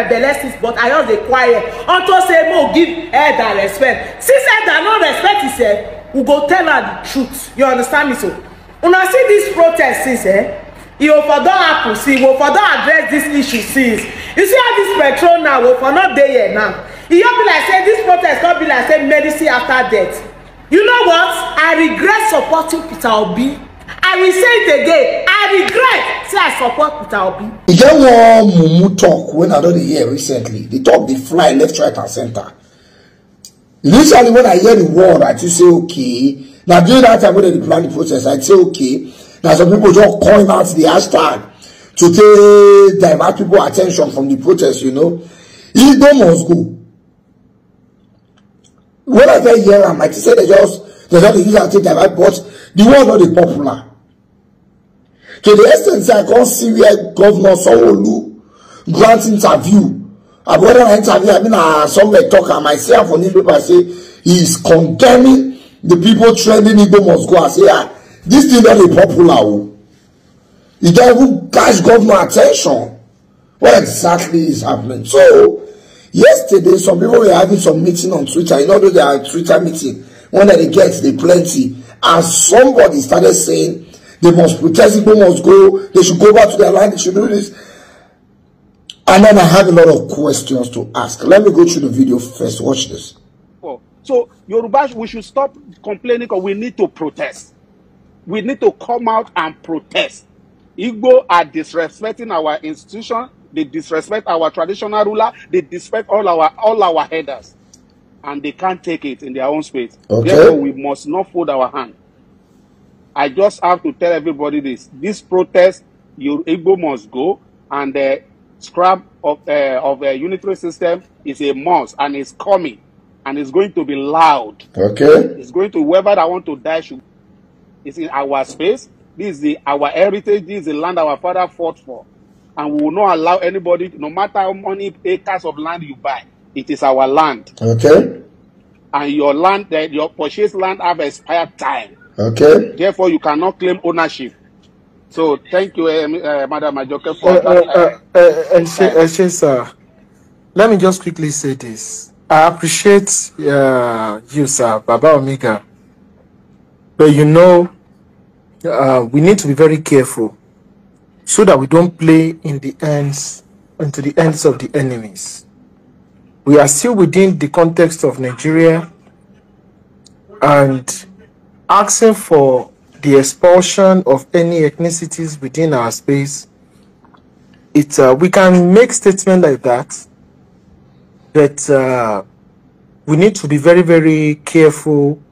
uh, blessings but i just dey quiet unto say mo give elder respect since elder no respect himself eh, we go tell am the truth you understand me so una see this protest since eh e go for don happen see we go for don address this issue since you see how this petrol now we for not dey here now e just be like say this protest come be like say medicine after death you know what i regret supporting peter obi i will say it again i regret support Peter Obi. E get one mumu talk when I don't hear recently. The talk they fly left, right, and center. Usually when I hear the word, I just say okay. Now during that time when they plan the process, I say okay. Now some people just coin out the hashtag to take divert people attention from the protest, you know. it don't must go. What I tell hear I might say they just they just use that to divert, but the word not popular. To the extent that I can't see where Governor Sanwo-Olu grant interview, I've got an interview, I mean, uh, somewhere talk, and myself on newspaper say he is condemning the people trending Igbo must go. I say, ah, this thing not a popular. It oh. don't even catch governor attention. What exactly is happening? So, yesterday, some people were having some meeting on Twitter. You know, they are Twitter meeting. When they get, they plenty. And somebody started saying, They must protest, people must go, they should go back to their land, they should do this. And then I had a lot of questions to ask. Let me go through the video first. Watch this. Oh, so, Yoruba, we should stop complaining because we need to protest. We need to come out and protest. Igbo are disrespecting our institution. They disrespect our traditional ruler. They disrespect all our all our headers, and they can't take it in their own space. Okay. Therefore, we must not fold our hand. I just have to tell everybody this. This protest, your Igbo must go, and the uh, scrap of, uh, of a uh, unitary system is a must, and it's coming, and it's going to be loud. Okay. It's going to, whoever that want to die should, it's in our space. This is the, our heritage. This is the land our father fought for. And we will not allow anybody, no matter how many acres of land you buy, it is our land. Okay. And your land, that uh, your purchased land have expired time. Okay. Therefore, you cannot claim ownership. So thank you, uh, uh, Madam Ajoke, for uh, that. Uh, uh, uh, uh, sir, let me just quickly say this. I appreciate uh, you, sir, Baba Omega. But you know, uh, we need to be very careful so that we don't play in the ends into the ends of the enemies. We are still within the context of Nigeria and asking for the expulsion of any ethnicities within our space, it, uh, we can make statements like that, but uh, we need to be very, very careful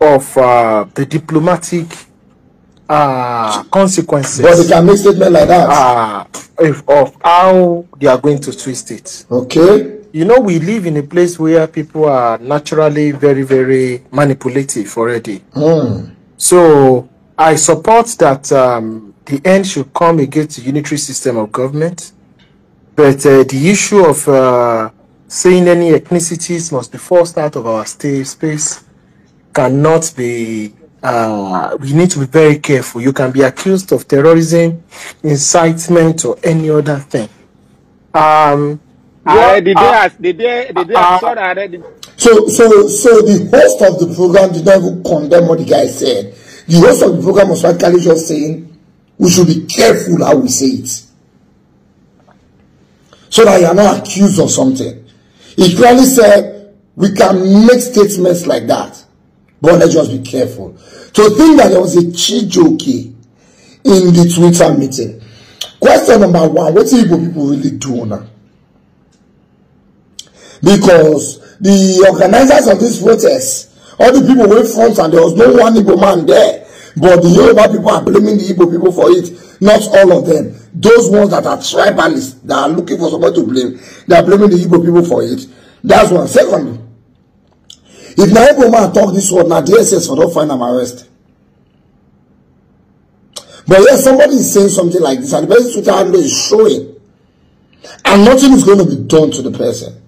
of uh, the diplomatic uh, consequences. But we can make statements like that? Uh, of how they are going to twist it. Okay you know, we live in a place where people are naturally very, very manipulative already. Mm. So I support that um, the end should come against the unitary system of government. But uh, the issue of uh, saying any ethnicities must be forced out of our state space cannot be uh, we need to be very careful. You can be accused of terrorism, incitement, or any other thing. Um, Ààrẹ So so so the host of the program did not even condemn what the guy said. The host of the program was actually just saying we should be careful how we say it. So that you are not accused of something. He clearly said we can make statements like that. But let's just be careful. To think that there was a jokey in the Twitter meeting. Question number one, what do people really do now? because the organizers of this protest all the people were front and there was no one igbo man there but the yoruba people are blaming the igbo people for it not all of them those ones that are tribalists that are looking for somebody to blame they are blaming the igbo people for it that's one secondly if na igbo man talk this word na dss for don find am arrest but yes somebody is saying something like this and the person twitter handle is showing and nothing is going to be done to the person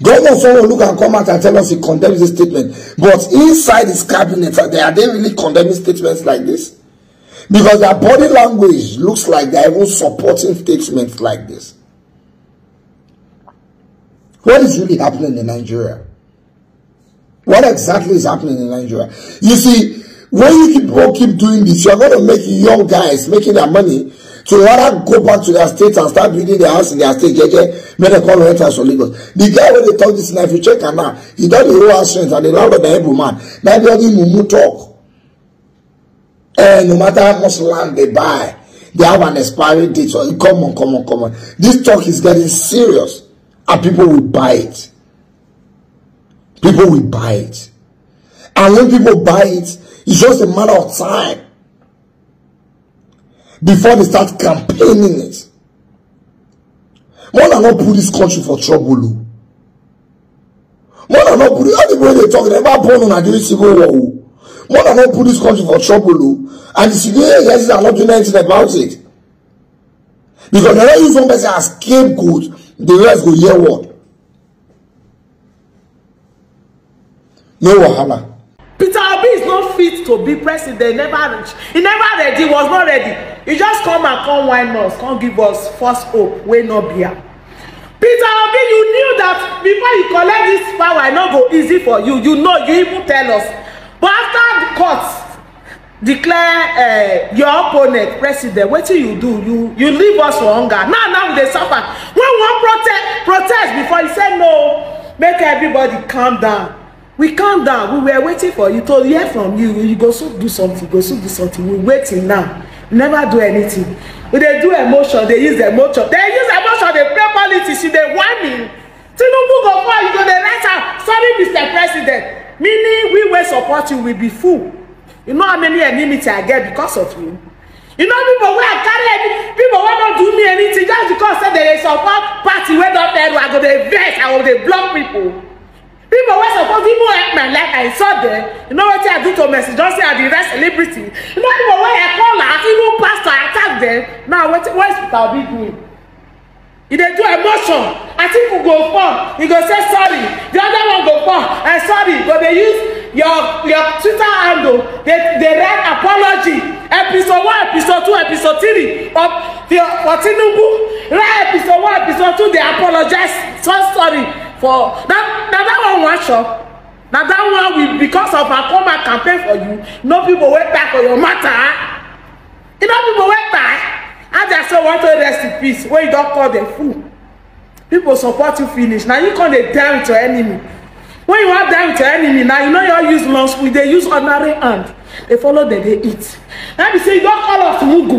Governor someone look and come out and tell us he condemns this statement. But inside his cabinet, are uh, they, are they really condemning statements like this? Because their body language looks like they're even supporting statements like this. What is really happening in Nigeria? What exactly is happening in Nigeria? You see, when you keep, keep doing this, you're going to make young guys making their money to rather go back to their state and start building their house in their state jeje make dem come rent house for lagos the guy wey dey talk this now, if you check am now he don dey hold house rent and the landlord the hebrew man na the only mumu talk eh no matter how much land they buy they have an expiry date so come on come on come on this talk is getting serious and people will buy it people will buy it and when people buy it it's just a matter of time before they start campaigning it. More than not put this country for trouble. Oh. More than not put it, all the way they talk, they never born on a during civil war. Oh. More than not put this country for trouble. Oh. And the civilian yes, are not doing anything about it. Because they don't use one person as scapegoat, the rest go hear what. No wahala peter obi is not fit to be president never reach he never ready was not ready he just come and come wine us come give us false hope wey not be am peter obi you knew that before you collect this power I e not go easy for you you know you even tell us but after the court declare uh, your opponent president what do you do you you leave us for hunger now now they suffer when one protest protest before you said no make everybody calm down we calm down we were waiting for you to hear from you you go soon do something go soon do something we waiting now never do anything we dey do emotion dey use emotion dey use emotion dey play politics you dey whine me tinubu go fall you go dey write am sorry mr president meaning we wey support you we be fool you know how many enemies i get because of you you know people wey i carry any people wey don do me anything just because say they dey support party wey don tell you i go dey vex i go dey block people people wey suppose even help my life i saw them you know what i do to mercy johnson and the rest celebrity you know people wey i call as even pastor attack them now what? wey hospital be doing e dey do emotion atiku go fall e go say sorry the other one go fall eh sorry But they use your your twitter handle They they write apology episode one episode two episode three of the for tinubu write episode one episode two They apologize so sorry for that that, that one one sure Now that one will because of our akoma campaign for you no people went back for your matter e no people wey die aja say want to rest in peace When you don't call them fool people support you finish Now you come dey die with your enemy when you wan die with your enemy now you know you wan use long spoon you use ordinary hand They follow dem they eat Let me say you don't call us mugu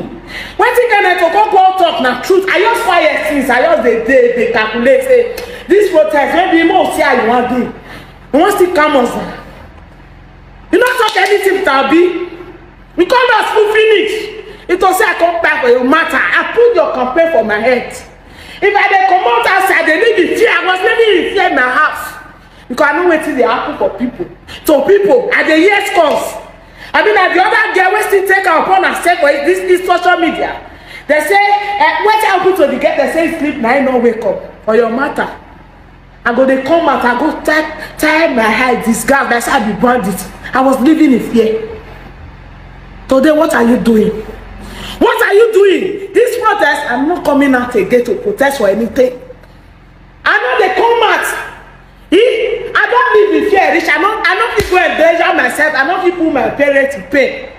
When you wetin kenneth go talk now, truth i just fire since i just they they they calculate say this protest wey be mo say i wan do I wan still calm us down you no talk anything tabi we come down school finish you talk say i come back for your matter i put your complaint for my head if i dey comot outside dey live in fear i was maybe in fear my house because i know wetin dey happen for people to people i dey hear scores i mean na the other girl wey still take am upon herself for this this social media dey say eh, wetin happen to the girl dey say sleep na him no wake up for your matter i go They come out i go tie tie my head. This disguise That's how i be it. i was living in fear today what are you doing what are you doing this protest i'm not coming out again to protest or anything i know they come out eh i don't live in fear Rich. i no i no people endanger myself i no people my parents in pain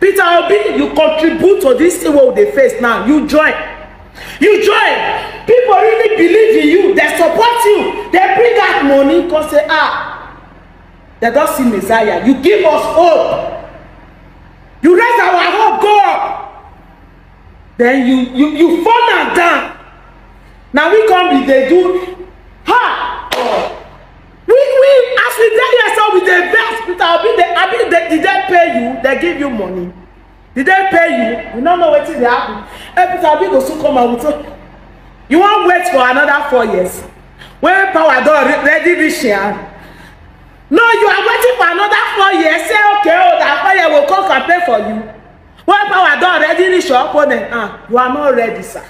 peter obi you contribute to this world they face now you join you join people really believe in you they support you they bring out money come say ah they don see messiah you give us hope you raise our hope go up then you you you fall am down na we come be dey do ha we we as we tell here so we dey vex peter abi dey abi dey did they pay you they give you money did they pay you we no know wetin dey happen Eh, peter abi go soon come out with you won't wait for another four years when power don ready this year, no you are waiting for another four years say okay o oh, that four years go come campaign for you when power don ready reach your opponent ah you are not ready sir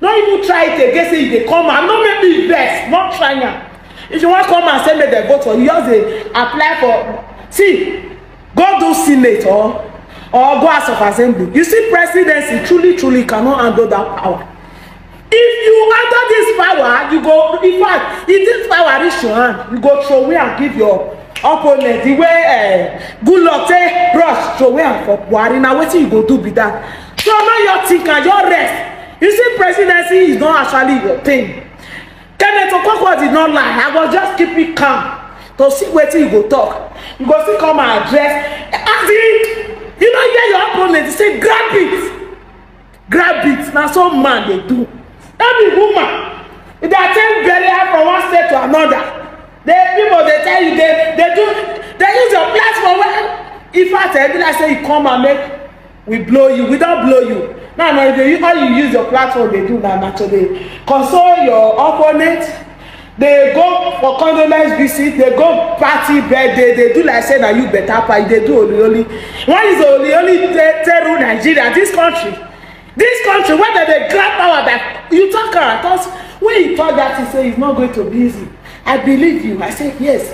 no even try it again say you dey come and not make me best. Not try am if you wan come and send me the vote for you just dey apply for see go do senate or or go as of assembly you see presidency truly truly cannot handle that power if you enter this power you go in fact if this power reach your hand you go throw away and give your opponent the way eh, good luck say brush throw away am for buhari na wetin you go do be dat so now your think and your rest you see presidency is not actually your thing kenneth okonkwo did not lie i go just keep it calm to see wetin you go talk you go see come and address as you no hear your opponent say grab it grab it na so man dey do every woman if they attend burial from one state to another the people dey tell you they they do they use your platform well if I tell you, like say you come and make we blow you we don blow you now na the how you use your platform dey do na na to dey console your opponent dey go for condolence visit dey go party birthday dey do like say na you better pa you dey do olioli one is olioli take take rule nigeria dis country dis country wey dem dey grab power by you talk caracas when you talk that thing say it's not going to be easy i believe you i say yes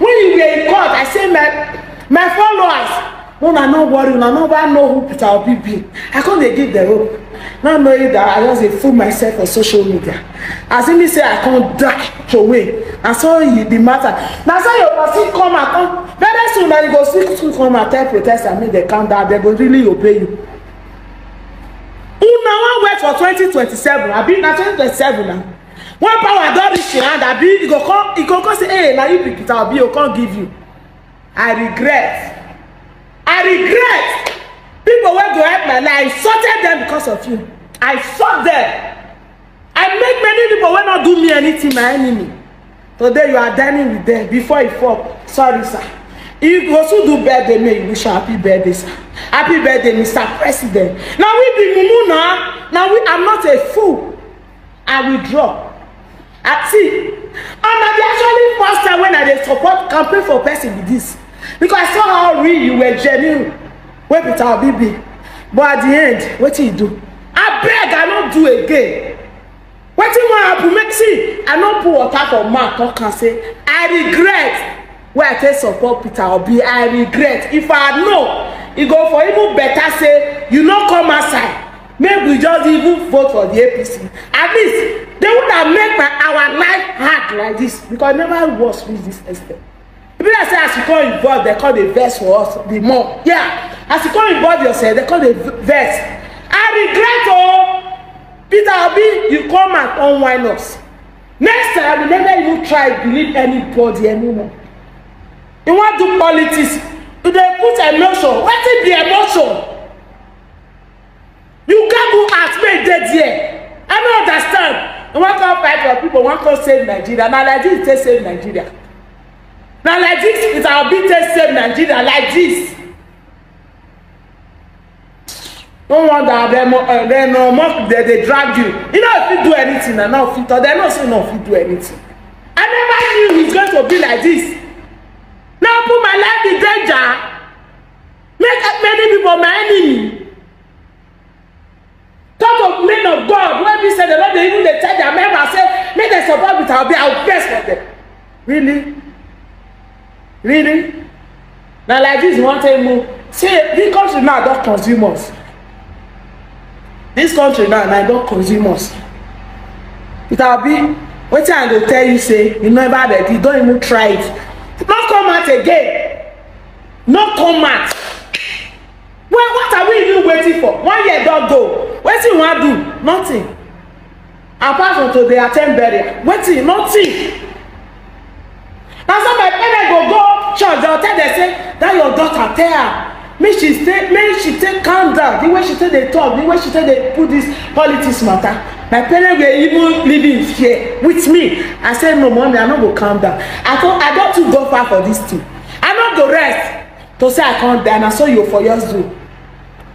when you were in court i say my my followers una no worry una never know who peter obi be i come dey give dem hope now knowing that i just dey fool myself for social media as if me say i come die throway na so e the matter na so your fit come and come very soon na you go see school come out tell protesters make dem calm down dem go really obey you Now wan wait for 2027. twenty seven abi na twenty twenty seven na one power don reach your hand abi e go come e go come say hey na you be peter obi o come give you i regret i regret people wey go help my life i sorted them because of you i fought them i make many people wey no do me anything my enemy today you are dining with them before e fall sorry sir you go soon do birthday may you wish happy birthday sir happy birthday mr president Now we be mumu now. Now we i'm not a fool i withdraw i see and na the actually first time when i dey support campaign for person be this because i saw how real you were genuine wey peter obi be but at the end wetin you do I beg i no do again wetin wan happen make see i no put water for mouth talk am say i regret wey i take support peter obi i regret if i know e go for even better say you no come outside make we just even vote for the apc at least they would have make my our life hard like this because never was reach this extent e be like say as you come involve dem come dey vex for us the more yeah as you come involve yourself dem come dey vex i regret o oh, peter obi you come and unwind us next time we never even try believe anybody anymore you wan do politics you dey put emotion wetin be emotion you gats go ask make you dey there i no understand you wan come fight for people wan come save nigeria na like this you take save nigeria na like this is our big take save nigeria like this no wonder dem eh, dem no mock dem dey drag you you no fit do anything na now fit talk dem know say you no fit do anything i never knew he's going to be like this Now put my life in danger. Make many people my enemy. Talk of men of God. When we say the Lord, they even they tell their members, say, may they support with our be our best for them. Really? Really? Now like this, one thing, move. See, this country now don't consume us. This country now, now don't consume us. It'll be, what I will tell you, say, you never that, you don't even try it not come out again not come out well what are we even waiting for one year don go wetin you wan do nothing apart from to dey at ten d burial wetin nothing na so my parents go go church dem tell dem say that your daughter tell her make she stay make she take calm down the way she take dey talk the way she take dey put this politics matter My parents were even living here with me. I said, No, mommy, I no go calm down. I thought I don too go far for this thing. I no go rest to say I come down. I saw you for your zoo.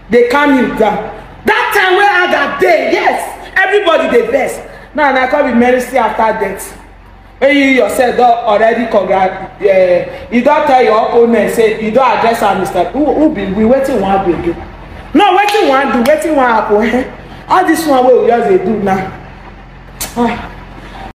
They calm you down. That time wey I that day, yes, everybody the best. Now I come be mercy after death. When you yourself don't already congrat, yeah, you don't tell your opponent say you don't address our Mr. Who who be we wetin wan be do? No, waiting one. do, waiting one. happen? Eh? all this one wey oyaze do na ah